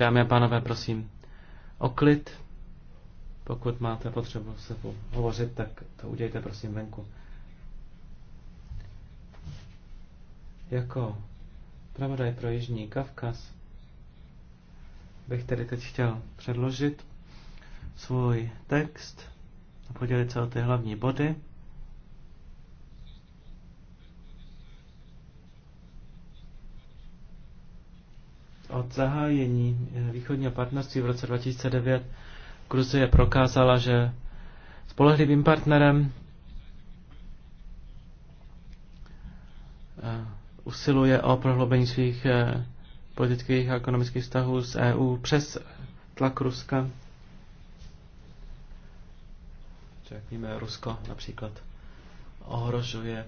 Dámy a pánové, prosím o klid. Pokud máte potřebu se hovořit, tak to udějte prosím venku. Jako pravodaj pro Jižní Kavkaz bych tedy teď chtěl předložit svůj text a podělit se o ty hlavní body. Od zahájení eh, východního partnerství v roce 2009 Gruzie prokázala, že spolehlivým partnerem eh, usiluje o prohloubení svých eh, politických a ekonomických vztahů s EU přes tlak Ruska. Jak víme, Rusko například ohrožuje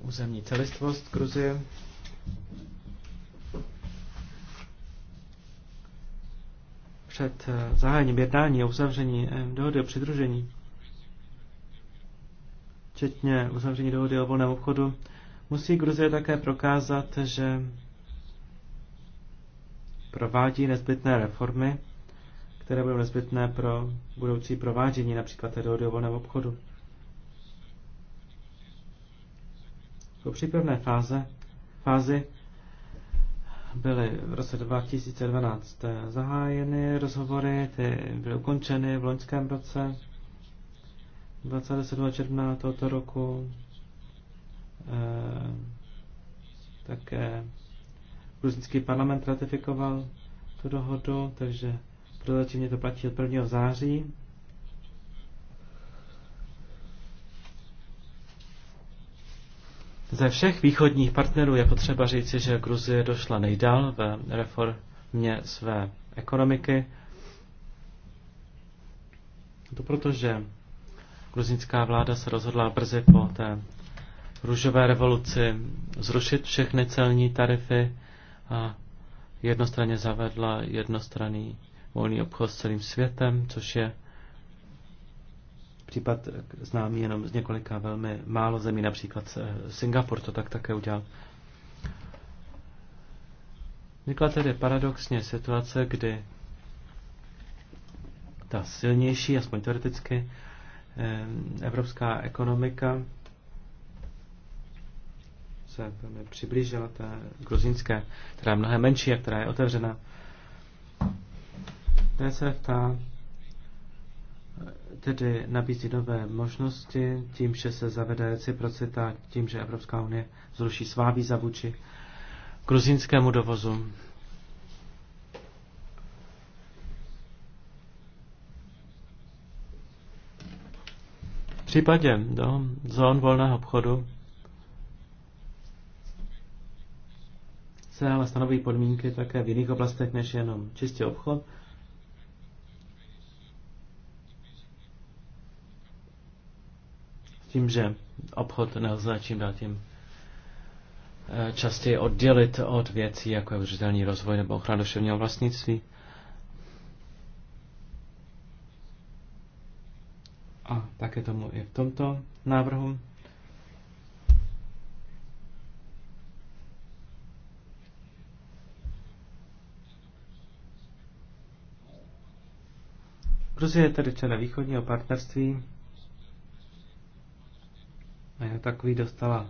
územní celistvost Gruzie. před eh, zahájením jednání a uzavření eh, dohody o přidružení, včetně uzavření dohody o volném obchodu, musí Gruzie také prokázat, že provádí nezbytné reformy, které budou nezbytné pro budoucí provádění například té dohody o volném obchodu. Po přípravné fáze, fázi byly v roce 2012 zahájeny rozhovory, ty byly ukončeny v loňském roce 27. června tohoto roku. Eh, také gruzinský parlament ratifikoval tu dohodu, takže prozatímně to platí od 1. září Ze všech východních partnerů je potřeba říci, že Gruzie došla nejdál ve reformě své ekonomiky. To proto, že gruzinská vláda se rozhodla brzy po té růžové revoluci zrušit všechny celní tarify a jednostranně zavedla jednostranný volný obchod s celým světem, což je Případ známý jenom z několika velmi málo zemí, například eh, Singapur to tak také udělal. Vznikla tedy paradoxně situace, kdy ta silnější, aspoň teoreticky, eh, evropská ekonomika se velmi přiblížila té gruzínské, která je mnohem menší a která je otevřená. Dnes se ta tedy nabízí nové možnosti tím, že se zavede reciprocita, tím, že Evropská unie zruší svá víza vůči gruzínskému dovozu. V případě do no, zón volného obchodu se ale stanoví podmínky také v jiných oblastech než jenom čistě obchod. tím, že obchod nelze čím dál tím eh, častěji oddělit od věcí, jako je udržitelný rozvoj nebo ochrana duševního vlastnictví. A také tomu i v tomto návrhu. Gruzie je tedy člen východního partnerství jako takový dostala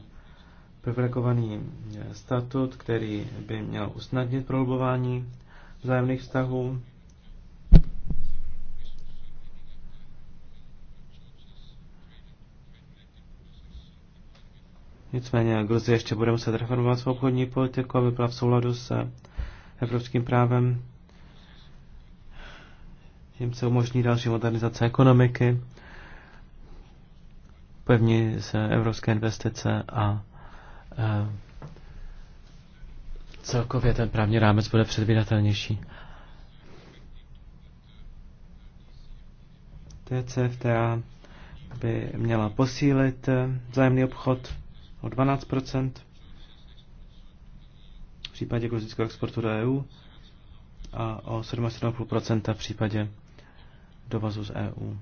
privilegovaný eh, statut, který by měl usnadnit prohlubování vzájemných vztahů. Nicméně Gruzie ještě bude muset reformovat svou obchodní politiku, aby byla v souladu s evropským právem. Jim se umožní další modernizace ekonomiky pevně z evropské investice a e, celkově ten právní rámec bude předvídatelnější. TCFTA by měla posílit e, vzájemný obchod o 12 v případě gruzického exportu do EU a o 7,5 v případě dovozu z EU.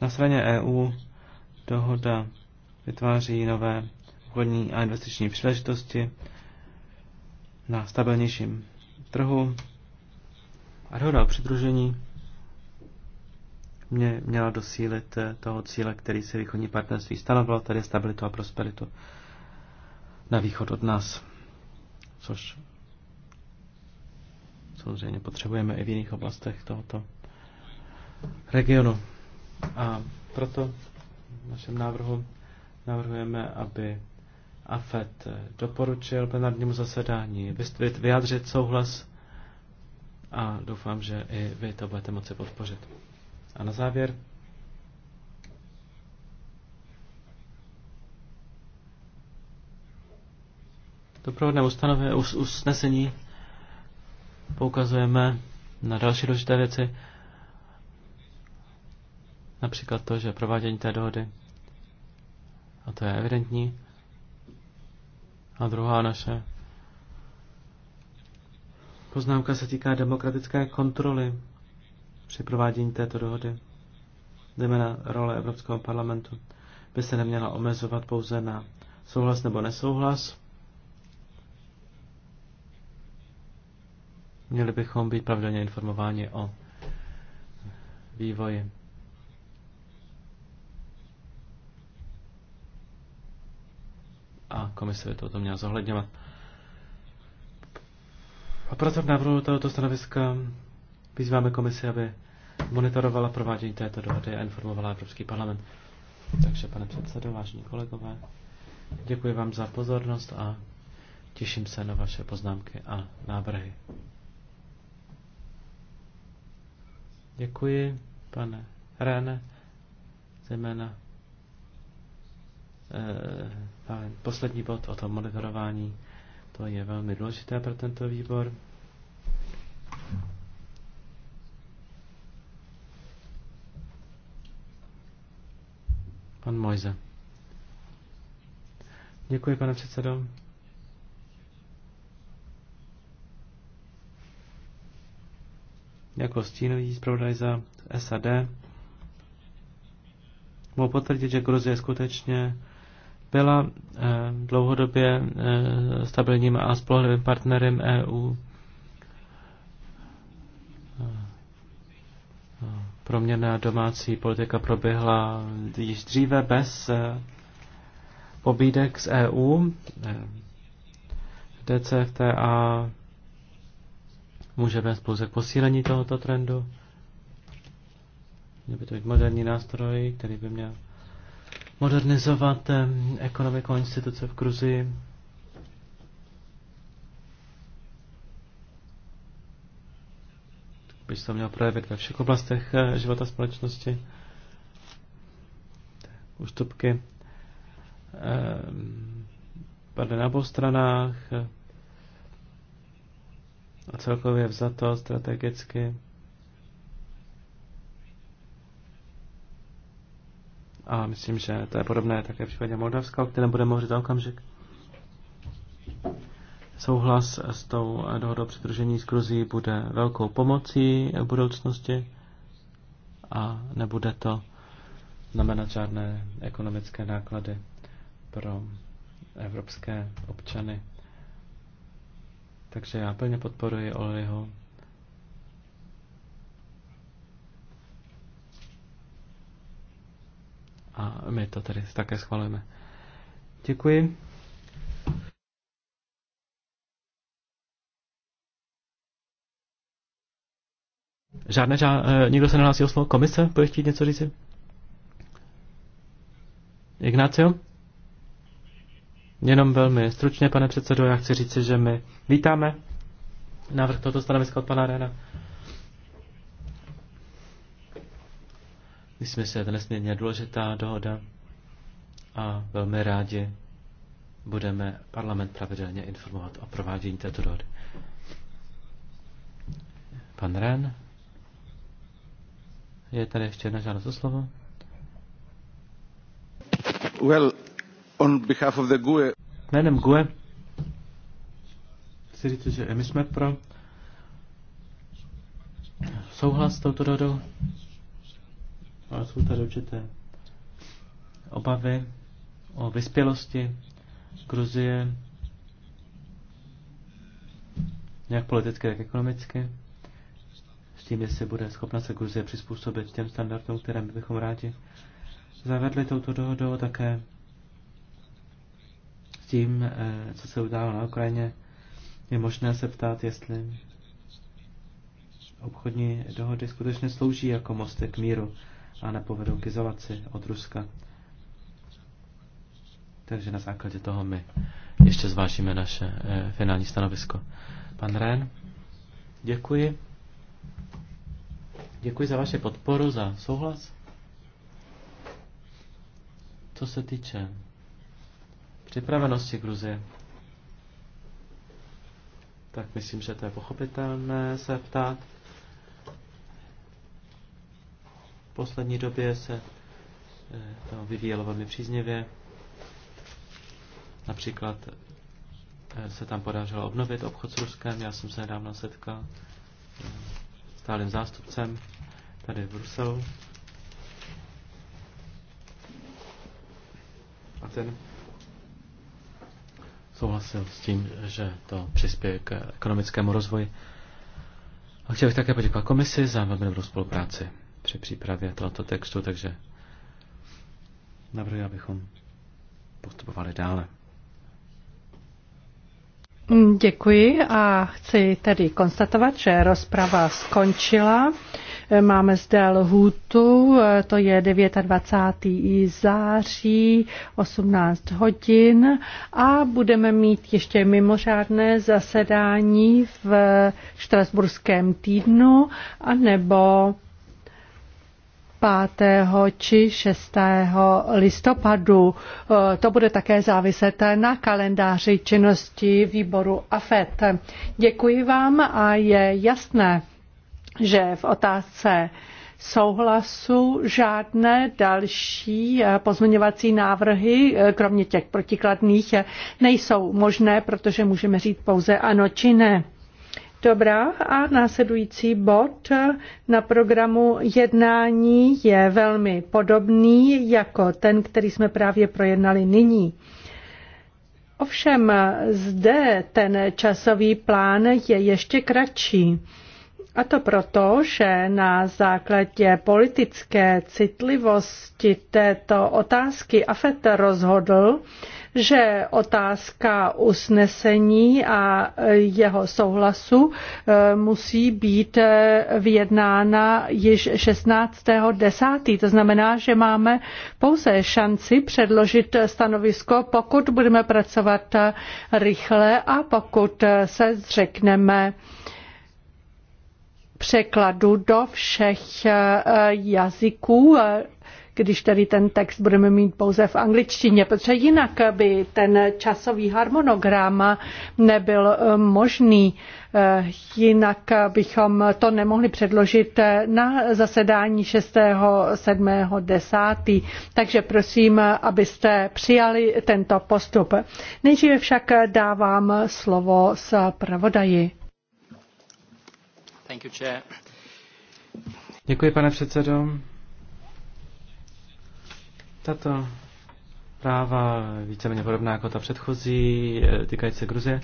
Na straně EU dohoda vytváří nové obchodní a investiční příležitosti na stabilnějším trhu a dohoda o přidružení mě měla dosílit toho cíle, který si východní partnerství stanovilo, tedy stabilitu a prosperitu na východ od nás, což samozřejmě potřebujeme i v jiných oblastech tohoto regionu. A proto v našem návrhu navrhujeme, aby AFET eh, doporučil plenárnímu zasedání vyjádřit souhlas a doufám, že i vy to budete moci podpořit. A na závěr doprovodné ustanovení usnesení poukazujeme na další důležité věci. Například to, že provádění té dohody, a to je evidentní. A druhá naše poznámka se týká demokratické kontroly při provádění této dohody. Zejména role Evropského parlamentu by se neměla omezovat pouze na souhlas nebo nesouhlas. Měli bychom být pravidelně informováni o vývoji. a komise by tom měla zohledňovat. A proto v návrhu tohoto stanoviska vyzýváme komisi, aby monitorovala provádění této dohody a informovala Evropský parlament. Takže, pane předsedo, vážení kolegové, děkuji vám za pozornost a těším se na vaše poznámky a návrhy. Děkuji, pane Rene, zejména e, Poslední bod o tom monitorování. To je velmi důležité pro tento výbor. Pan Mojze. Děkuji, pane předsedo. Jako stínový zpravodaj za SAD mohu potvrdit, že Gruzie skutečně byla eh, dlouhodobě eh, stabilním a spolehlivým partnerem EU. Eh, Proměrná domácí politika proběhla již dříve bez pobídek z EU. DCFTA může vést pouze k posílení tohoto trendu. Měl by to být moderní nástroj, který by měl modernizovat ekonomiku instituce v Gruzii. by se to mělo projevit ve všech oblastech eh, života společnosti. Ústupky padly na obou stranách eh, a celkově vzato strategicky A myslím, že to je podobné také v případě Moldavska, o kterém budeme mluvit okamžik. Souhlas s tou dohodou přidružení s Gruzí bude velkou pomocí v budoucnosti a nebude to znamenat žádné ekonomické náklady pro evropské občany. Takže já plně podporuji Oliho a my to tedy také schvalujeme. Děkuji. Žádné, žád, eh, nikdo se nehlásí o slovo. Komise bude chtít něco říct? Ignácio? Jenom velmi stručně, pane předsedo, já chci říct, že my vítáme návrh tohoto stanoviska od pana Rena Myslím, že je to nesmírně důležitá dohoda a velmi rádi budeme parlament pravidelně informovat o provádění této dohody. Pan Ren? Je tady ještě jedna žádost o slovo? Well, on behalf of the GUE... Jménem GUE chci říct, že my jsme pro souhlas s touto dohodou ale jsou tady určité obavy o vyspělosti Gruzie, jak politicky, tak ekonomicky. S tím, jestli bude schopna se Gruzie přizpůsobit těm standardům, které my bychom rádi zavedli touto dohodou, také s tím, eh, co se událo na Ukrajině, je možné se ptát, jestli obchodní dohody skutečně slouží jako mostek k míru a nepovedou k izolaci od Ruska. Takže na základě toho my ještě zvážíme naše e, finální stanovisko. Pan Ren, děkuji. Děkuji za vaši podporu, za souhlas. Co se týče připravenosti Gruzie, tak myslím, že to je pochopitelné se ptát. poslední době se eh, to vyvíjelo velmi příznivě. Například eh, se tam podařilo obnovit obchod s Ruskem. Já jsem se nedávno setkal eh, s stálým zástupcem tady v Bruselu. A ten souhlasil s tím, že to přispěje k ekonomickému rozvoji. A chtěl bych také poděkovat komisi za velmi dobrou spolupráci při přípravě tohoto textu, takže navrhuji, abychom postupovali dále. Děkuji a chci tedy konstatovat, že rozprava skončila. Máme zde lhůtu, to je 29. září 18 hodin a budeme mít ještě mimořádné zasedání v Štrasburském týdnu anebo 5. či 6. listopadu. Eh, to bude také záviset na kalendáři činnosti výboru AFET. Děkuji vám a je jasné, že v otázce souhlasu žádné další eh, pozměňovací návrhy, eh, kromě těch protikladných, nejsou možné, protože můžeme říct pouze ano či ne. Dobrá a následující bod na programu jednání je velmi podobný jako ten, který jsme právě projednali nyní. Ovšem zde ten časový plán je ještě kratší. A to proto, že na základě politické citlivosti této otázky AFET rozhodl, že otázka usnesení a jeho souhlasu eh, musí být eh, vyjednána již 16.10. To znamená, že máme pouze šanci předložit stanovisko, pokud budeme pracovat eh, rychle a pokud se zřekneme překladu do všech eh, jazyků, eh, když tedy ten text budeme mít pouze v angličtině, protože jinak by ten časový harmonogram nebyl eh, možný. Jinak bychom to nemohli předložit na zasedání 6. 7. 10. Takže prosím, abyste přijali tento postup. Nejdříve však dávám slovo pravodají. Thank you, chair. Děkuji, pane předsedo. Tato práva víceméně podobná jako ta předchozí, týkající se Gruzie.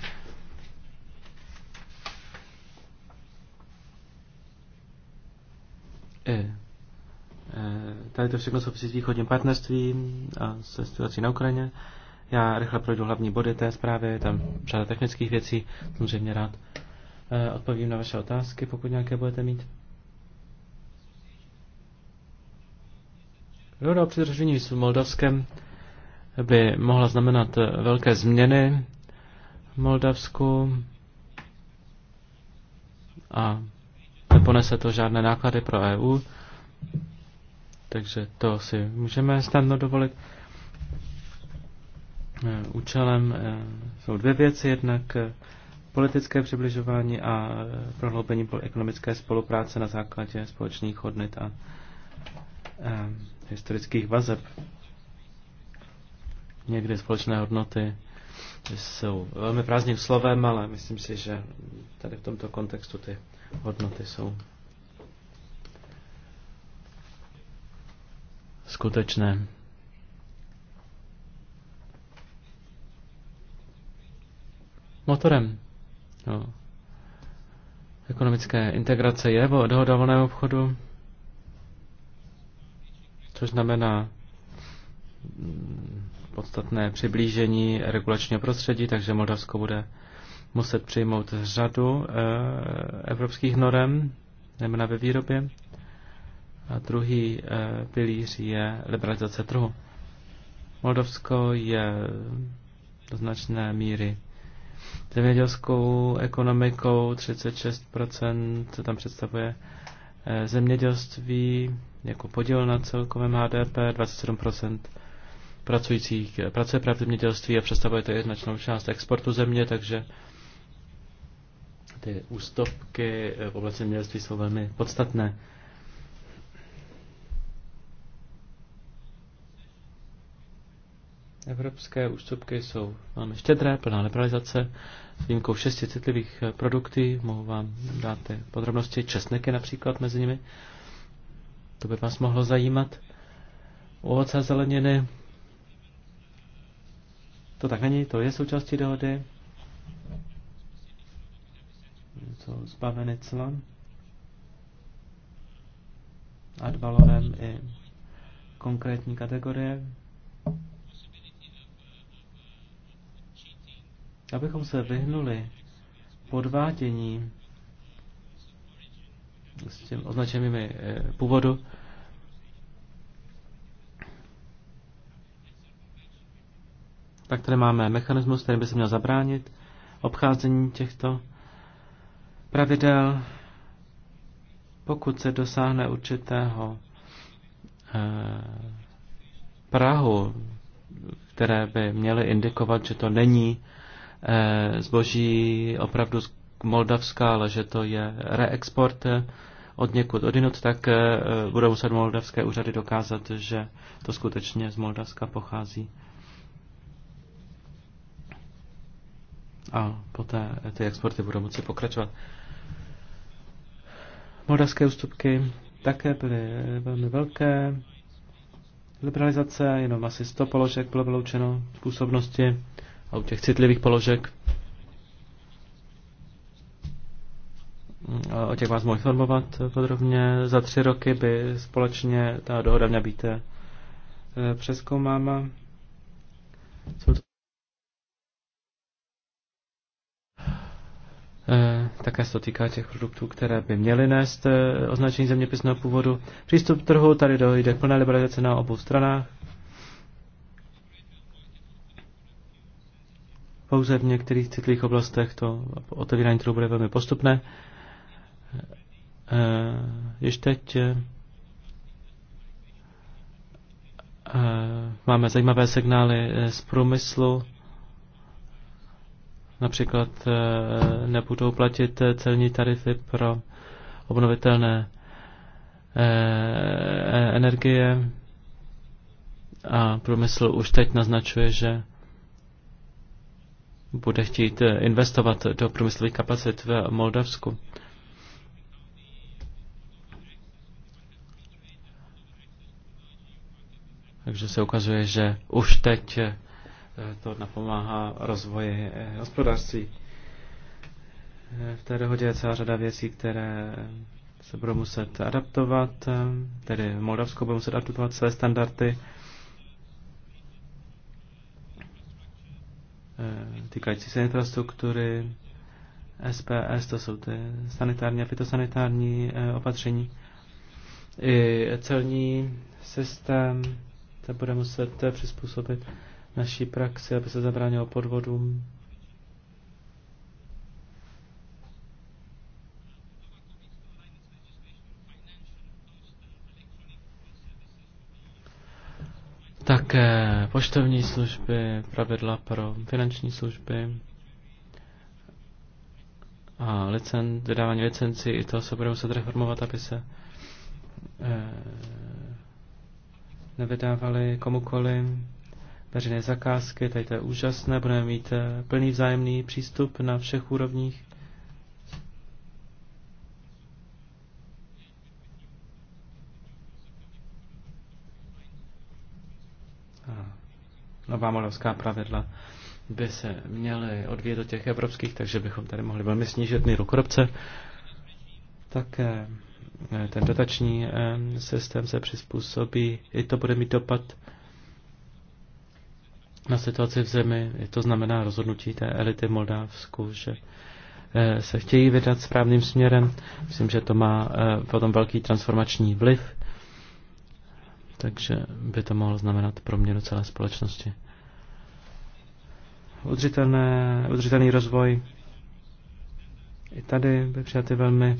E. tady to všechno souvisí s východním partnerstvím a se situací na Ukrajině. Já rychle projdu hlavní body té zprávy, tam řada technických věcí, samozřejmě rád Eh, odpovím na vaše otázky, pokud nějaké budete mít. Dohoda o přidružení s Moldavskem by mohla znamenat eh, velké změny v Moldavsku a neponese to žádné náklady pro EU, takže to si můžeme snadno dovolit. Eh, účelem jsou dvě věci, jednak politické přibližování a eh, prohloubení ekonomické spolupráce na základě společných hodnot a eh, historických vazeb. Někdy společné hodnoty jsou velmi prázdným slovem, ale myslím si, že tady v tomto kontextu ty hodnoty jsou skutečné. Motorem no, ekonomické integrace je dohoda o volném obchodu, což znamená mm, podstatné přiblížení regulačního prostředí, takže Moldavsko bude muset přijmout řadu eh, evropských norem, zejména ve výrobě. A druhý eh, pilíř je liberalizace trhu. Moldavsko je do značné míry zemědělskou ekonomikou, 36% tam představuje eh, zemědělství jako podíl na celkovém HDP, 27% pracujících eh, pracuje právě v zemědělství a představuje to značnou část exportu země, takže ty ústupky eh, v oblasti zemědělství jsou velmi podstatné. Evropské ústupky jsou velmi štědré, plná liberalizace, s výjimkou šesti citlivých eh, produktů. Mohu vám dát ty eh, podrobnosti, Česneky například mezi nimi. To by vás mohlo zajímat. Ovoce a zeleniny. To tak není, to je součástí dohody. Co zbavený clan. Ad valorem i konkrétní kategorie abychom se vyhnuli podvádění s těmi označenými eh, původu, Tak tady máme mechanismus, který by se měl zabránit obcházení těchto pravidel. Pokud se dosáhne určitého eh, prahu, které by měly indikovat, že to není Eh, zboží opravdu z Moldavska, ale že to je reexport eh, od někud odinut, tak eh, budou muset moldavské úřady dokázat, že to skutečně z Moldavska pochází. A poté ty exporty budou moci pokračovat. Moldavské ústupky také byly velmi velké. Liberalizace, jenom asi 100 položek bylo vyloučeno z působnosti a u těch citlivých položek. O těch vás mohu informovat podrobně. Za tři roky by společně ta dohoda měla být eh, přeskoumána. Eh, také se to týká těch produktů, které by měly nést eh, označení zeměpisného původu. Přístup k trhu tady dojde k plné liberalizaci na obou stranách. Pouze v některých citlivých oblastech to otevírání trhu bude velmi postupné. Eh, Již teď eh, máme zajímavé signály eh, z průmyslu, například nebudou platit celní tarify pro obnovitelné e-, energie a průmysl už teď naznačuje, že bude chtít eh, investovat do průmyslových kapacit v Moldavsku. Takže se ukazuje, že už teď eh, to napomáhá rozvoji eh, hospodářství. V té dohodě je celá řada věcí, které se budou muset adaptovat, tedy Moldavsko bude muset adaptovat své standardy Eh, týkající se infrastruktury, SPS, to jsou ty sanitární a fitosanitární eh, opatření. I celní systém se bude muset eh, přizpůsobit naší praxi, aby se zabránilo podvodům. také poštovní služby, pravidla pro finanční služby a licen, vydávání licenci, i to se budou muset reformovat, aby se e, nevydávali komukoli veřejné zakázky, tady to je úžasné, budeme mít eh, plný vzájemný přístup na všech úrovních nová moldavská pravidla by se měly odvíjet do těch evropských, takže bychom tady mohli velmi snížit míru korupce. Také eh, ten dotační eh, systém se přizpůsobí, i to bude mít dopad na situaci v zemi. To znamená rozhodnutí té elity v Moldávsku, že eh, se chtějí vydat správným směrem. Myslím, že to má potom velký transformační vliv takže by to mohlo znamenat proměnu celé společnosti. Udřitelné, udržitelný rozvoj. I tady by přijaty velmi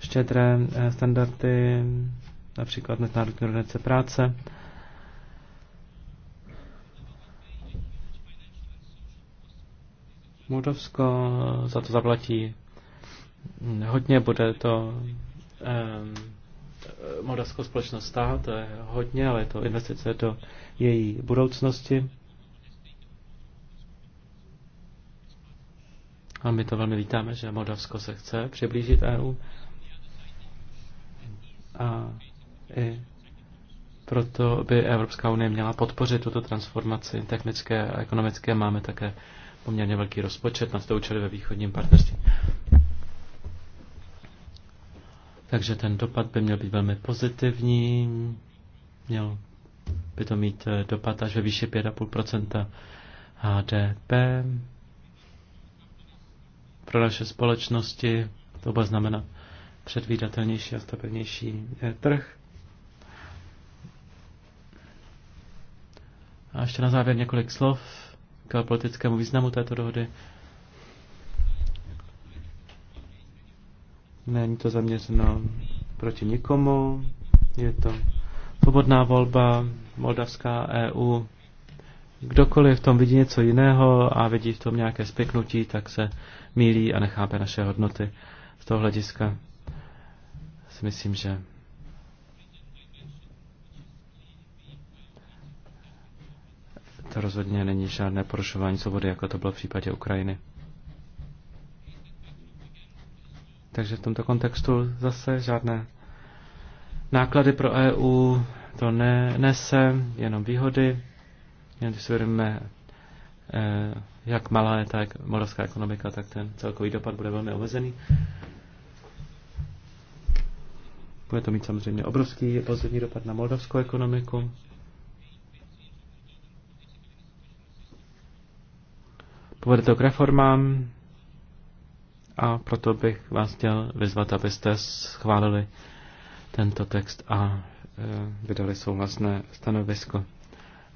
štědré eh, standardy, například Mezinárodní organizace práce. Moldovsko za to zaplatí hodně, bude to um, Eh, moldavskou společnost stát, to je hodně, ale je to investice do její budoucnosti. A my to velmi vítáme, že Moldavsko se chce přiblížit EU. A i proto by Evropská unie měla podpořit tuto transformaci technické a ekonomické. Máme také poměrně velký rozpočet na to účely ve východním partnerství. Takže ten dopad by měl být velmi pozitivní, měl by to mít eh, dopad až ve výši 5,5 HDP. Pro naše společnosti to bude znamenat předvídatelnější a stabilnější eh, trh. A ještě na závěr několik slov k politickému významu této dohody. Není to zaměřeno proti nikomu. Je to svobodná volba, moldavská EU. Kdokoliv v tom vidí něco jiného a vidí v tom nějaké spiknutí, tak se mílí a nechápe naše hodnoty. Z toho hlediska si myslím, že to rozhodně není žádné porušování svobody, jako to bylo v případě Ukrajiny. Takže v tomto kontextu zase žádné náklady pro EU to nese, jenom výhody. Jen když si uvědomíme, eh, jak malá je ta moravská ekonomika, tak ten celkový dopad bude velmi omezený. Bude to mít samozřejmě obrovský pozitivní dopad na moldavskou ekonomiku. Povede to k reformám, a proto bych vás chtěl vyzvat, abyste schválili tento text a e, vydali souhlasné stanovisko.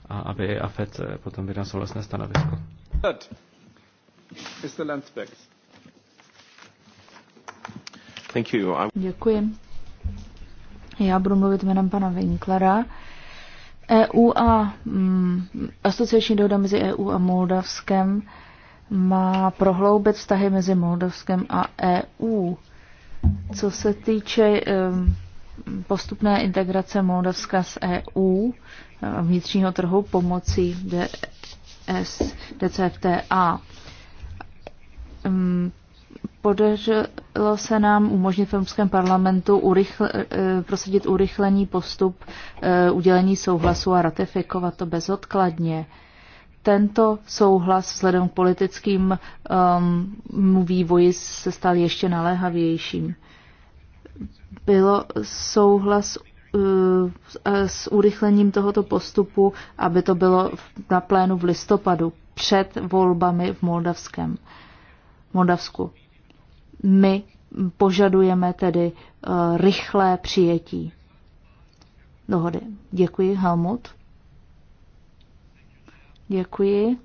A aby i AFED e, potom vydal souhlasné stanovisko. Thank you. Děkuji. Já budu mluvit jménem pana Winklera. EU a mm, asociační dohoda mezi EU a Moldavskem má prohloubit vztahy mezi Moldovskem a EU. Co se týče postupné integrace Moldavska s EU, vnitřního trhu pomocí DS, DCFTA. Podařilo se nám umožnit v Evropském parlamentu urychl, e, prosadit urychlení postup e, udělení souhlasu a ratifikovat to bezodkladně tento souhlas vzhledem k politickým um, vývoji se stal ještě naléhavějším. Bylo souhlas uh, s urychlením tohoto postupu, aby to bylo na plénu v listopadu před volbami v Moldavském. Moldavsku. My požadujeme tedy uh, rychlé přijetí dohody. Děkuji, Helmut. Děkuji.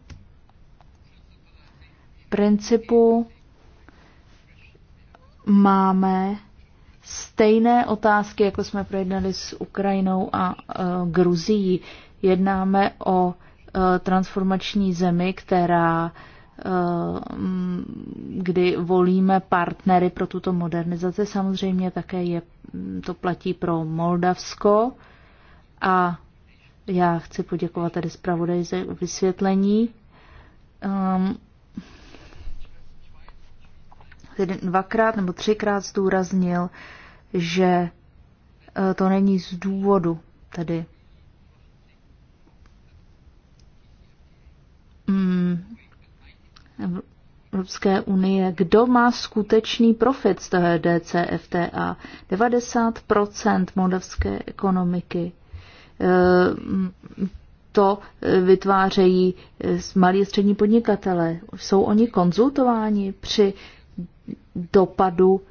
Principu máme stejné otázky, jako jsme projednali s Ukrajinou a uh, Gruzií. Jednáme o uh, transformační zemi, která e, kdy volíme partnery pro tuto modernizaci. Samozřejmě také je, to platí pro Moldavsko a já chci poděkovat tady zpravodaji za vysvětlení. Um, tedy dvakrát nebo třikrát zdůraznil, že eh, to není z důvodu tedy mm, Evropské unie, kdo má skutečný profit z toho DCFTA. 90% moldavské ekonomiky to vytvářejí malí a střední podnikatele. Jsou oni konzultováni při dopadu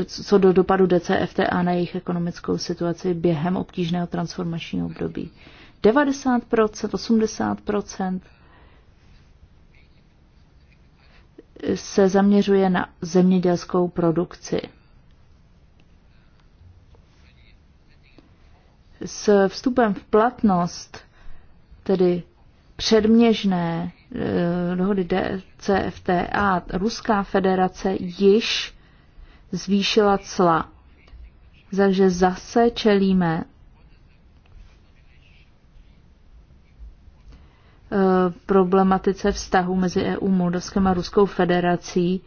eh, co do dopadu DCFTA na jejich ekonomickou situaci během obtížného transformačního období. 90%, 80% se zaměřuje na zemědělskou produkci. S vstupem v platnost, tedy předměžné eh, dohody DCFTA, Ruská federace již zvýšila cla. Takže zase čelíme eh, problematice vztahu mezi EU, Moldavskem a Ruskou federací,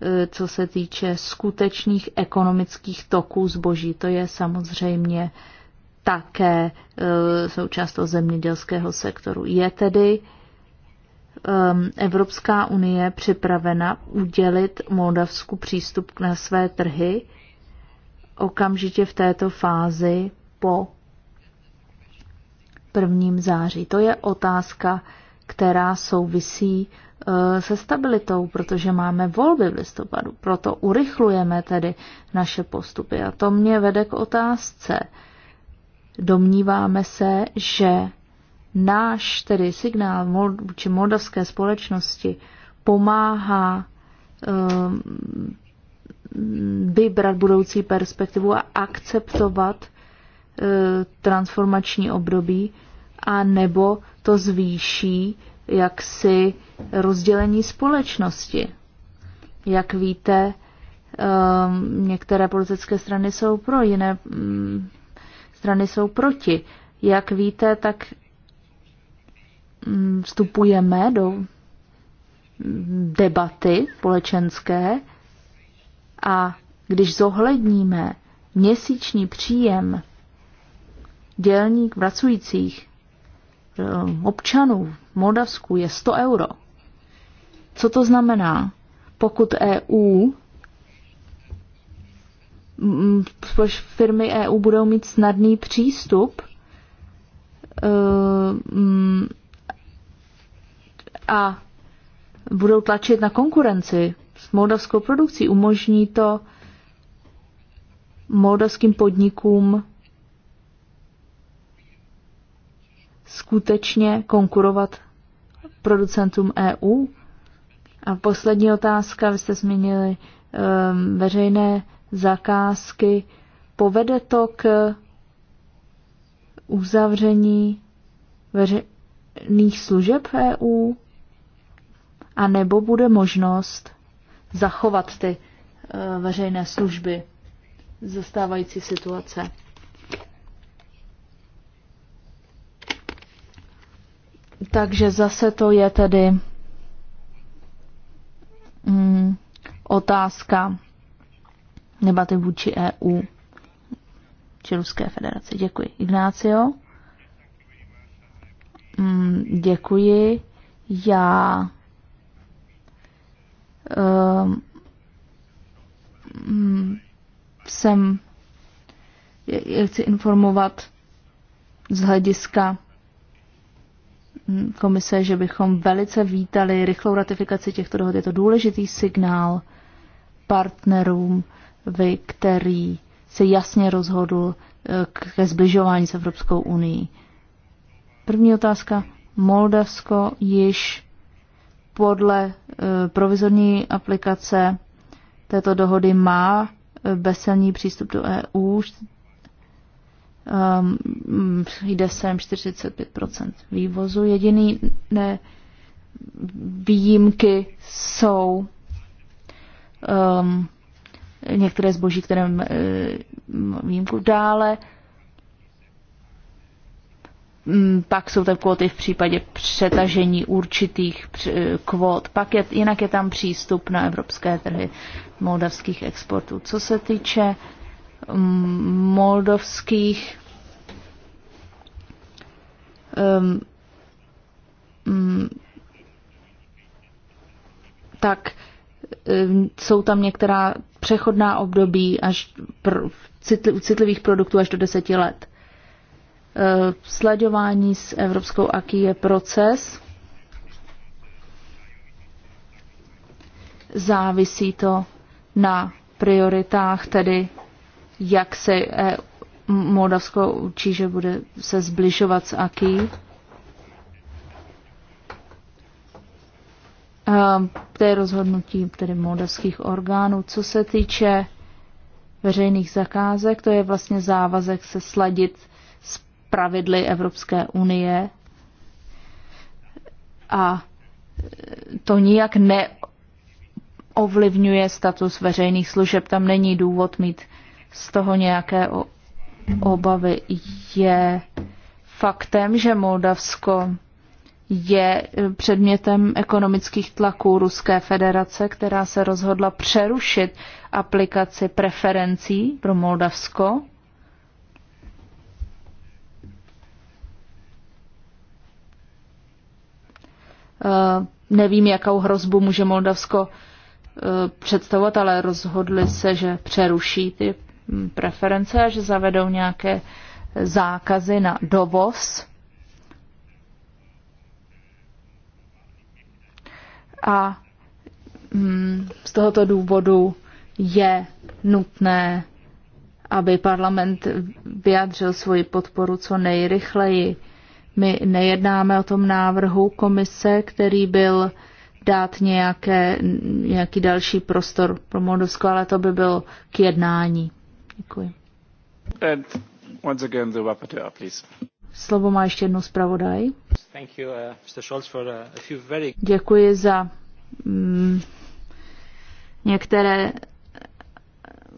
eh, co se týče skutečných ekonomických toků zboží. To je samozřejmě také e, součást toho zemědělského sektoru. Je tedy e, Evropská unie připravena udělit Moldavsku přístup na své trhy okamžitě v této fázi po prvním září. To je otázka, která souvisí e, se stabilitou, protože máme volby v listopadu. Proto urychlujeme tedy naše postupy. A to mě vede k otázce, domníváme se, že náš tedy signál vůči moldavské společnosti pomáhá ehm, vybrat budoucí perspektivu a akceptovat uh, transformační období, a nebo to zvýší jaksi rozdělení společnosti. Jak víte, um, některé politické strany jsou pro, jiné um, strany jsou proti. Jak víte, tak mm, vstupujeme do mm, debaty společenské a když zohledníme měsíční příjem dělník pracujících eh, občanů v Moldavsku je 100 euro. Co to znamená? Pokud EU firmy EU budou mít snadný přístup eh, a budou tlačit na konkurenci s moldavskou produkcí. Umožní to moldavským podnikům skutečně konkurovat producentům EU? A poslední otázka, vy jste zmínili um, veřejné zakázky. Povede to k uzavření veřejných služeb EU? A nebo bude možnost zachovat ty e, veřejné služby zastávající situace? Takže zase to je tedy mm, otázka debaty vůči EU či Ruské federaci. Děkuji. Ignácio? Mm, děkuji. Já um, jsem já chci informovat z hlediska mm, komise, že bychom velice vítali rychlou ratifikaci těchto dohod. Je to důležitý signál partnerům vy, který se jasně rozhodl eh, ke zbližování s Evropskou unii. První otázka. Moldavsko již podle eh, provizorní aplikace této dohody má eh, bezcelní přístup do EU. Ehm, mm, jde sem 45% vývozu. Jediný ne, výjimky jsou um, některé zboží, které e, výjimku dále. Pak jsou tam kvóty v případě přetažení určitých e, kvót. Pak je, jinak je tam přístup na evropské trhy moldavských exportů. Co se týče moldovských um, um, tak um, jsou tam některá přechodná období až pro, citli, u citlivých produktů až do deseti let. E, Sledování s Evropskou AKI je proces. Závisí to na prioritách, tedy jak se e- Moldavsko učí, že bude se zbližovat s AKI. to je rozhodnutí tedy moldavských orgánů. Co se týče veřejných zakázek, to je vlastně závazek se sladit s pravidly Evropské unie a to nijak neovlivňuje status veřejných služeb. Tam není důvod mít z toho nějaké obavy. Je faktem, že Moldavsko je eh, předmětem ekonomických tlaků Ruské federace, která se rozhodla přerušit aplikaci preferencí pro Moldavsko. Eh, nevím, jakou hrozbu může Moldavsko eh, představovat, ale rozhodli se, že přeruší ty mm, preference a že zavedou nějaké zákazy na dovoz A mm, z tohoto důvodu je nutné, aby parlament vyjádřil svoji podporu co nejrychleji. My nejednáme o tom návrhu komise, který byl dát nějaké, nějaký další prostor pro Moldovsko, ale to by bylo k jednání. Děkuji. And once again the rapporteur, please. Slovo má ještě jednou zpravodaj. Uh, uh, Děkuji za mm, některé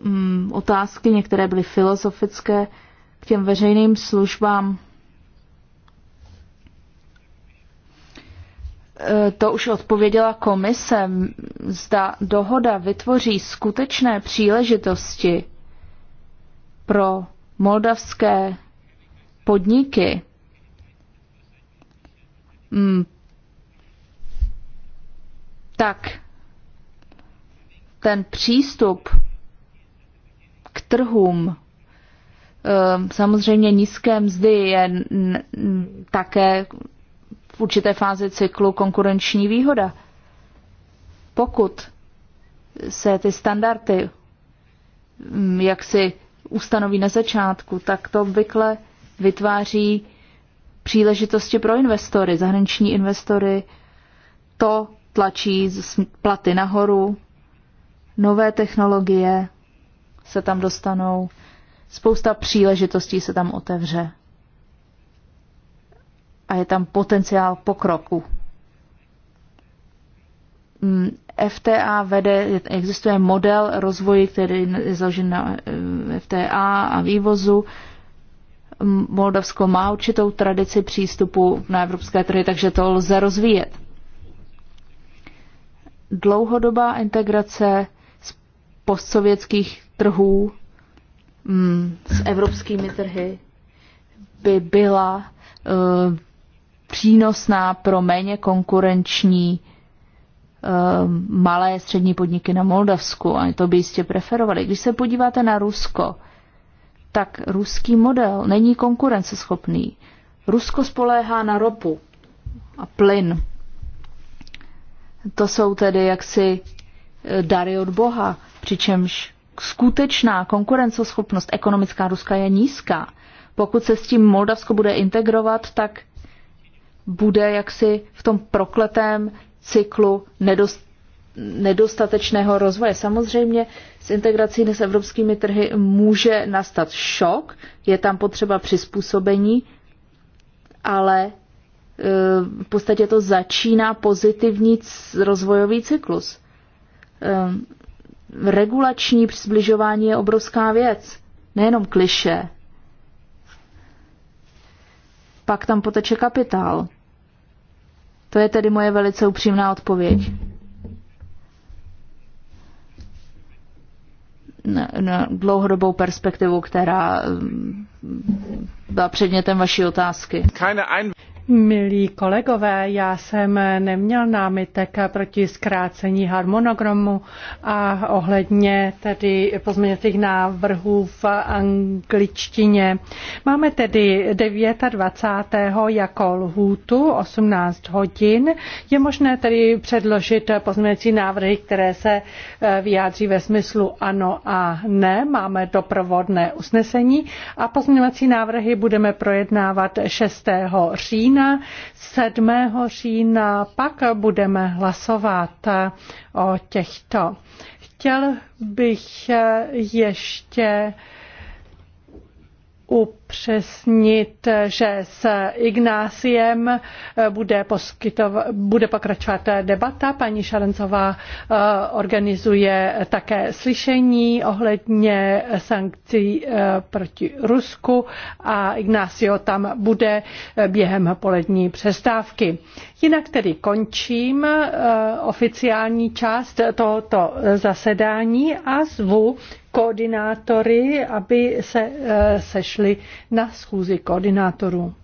mm, otázky, některé byly filozofické k těm veřejným službám. Eh, to už odpověděla komise. Zda dohoda vytvoří skutečné příležitosti pro moldavské podniky Mm. Tak ten přístup k trhům, ehm, samozřejmě nízké mzdy je také v určité fázi cyklu konkurenční výhoda. Pokud se ty standardy mm, jak si ustanoví na začátku, tak to obvykle vytváří příležitosti pro investory, zahraniční investory. To tlačí platy nahoru, nové technologie se tam dostanou, spousta příležitostí se tam otevře. A je tam potenciál pokroku. Mm, FTA vede, existuje model rozvoji, který je založen na eh, FTA a vývozu. Moldavsko má určitou tradici přístupu na evropské trhy, takže to lze rozvíjet. Dlouhodobá integrace z postsovětských trhů mm, s evropskými trhy by byla eh, přínosná pro méně konkurenční eh, malé střední podniky na Moldavsku a to by jistě preferovali. Když se podíváte na Rusko, tak ruský model není konkurenceschopný. Rusko spoléhá na ropu a plyn. To jsou tedy jaksi e, dary od Boha, přičemž skutečná konkurenceschopnost ekonomická Ruska je nízká. Pokud se s tím Moldavsko bude integrovat, tak bude jaksi v tom prokletém cyklu nedost nedostatečného rozvoje. Samozřejmě s integrací s evropskými trhy může nastat šok, je tam potřeba přizpůsobení, ale e, v podstatě to začíná pozitivní rozvojový cyklus. E, regulační přibližování je obrovská věc, nejenom kliše. Pak tam poteče kapitál. To je tedy moje velice upřímná odpověď. na, na dlouhodobou perspektivu, která mm, byla předmětem vaší otázky. Milí kolegové, já jsem neměl námitek proti zkrácení harmonogramu a ohledně tedy pozměňovacích návrhů v angličtině. Máme tedy 29. jako lhůtu 18 hodin. Je možné tedy předložit pozměňovací návrhy, které se eh, vyjádří ve smyslu ano a ne. Máme doprovodné usnesení a pozměňovací návrhy budeme projednávat 6. října října. 7. října pak budeme hlasovat o těchto. Chtěl bych ještě upřesnit, že s Ignáciem eh, bude, bude pokračovat debata. Paní Šarencová eh, organizuje také slyšení ohledně sankcí eh, proti Rusku a Ignácio tam bude během polední přestávky. Jinak tedy končím oficiální část tohoto zasedání a zvu koordinátory, aby se eh, sešli na schůzi koordinátorů.